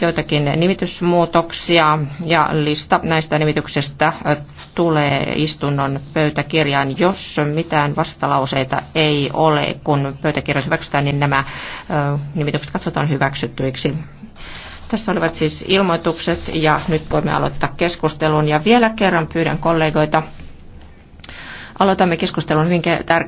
joitakin nimitysmuutoksia ja lista näistä nimityksistä tulee istunnon pöytäkirjaan. Jos mitään vastalauseita ei ole, kun pöytäkirja hyväksytään, niin nämä nimitykset katsotaan hyväksyttyiksi. Tässä olivat siis ilmoitukset ja nyt voimme aloittaa keskustelun. Ja vielä kerran pyydän kollegoita. Aloitamme keskustelun hyvin tärkeä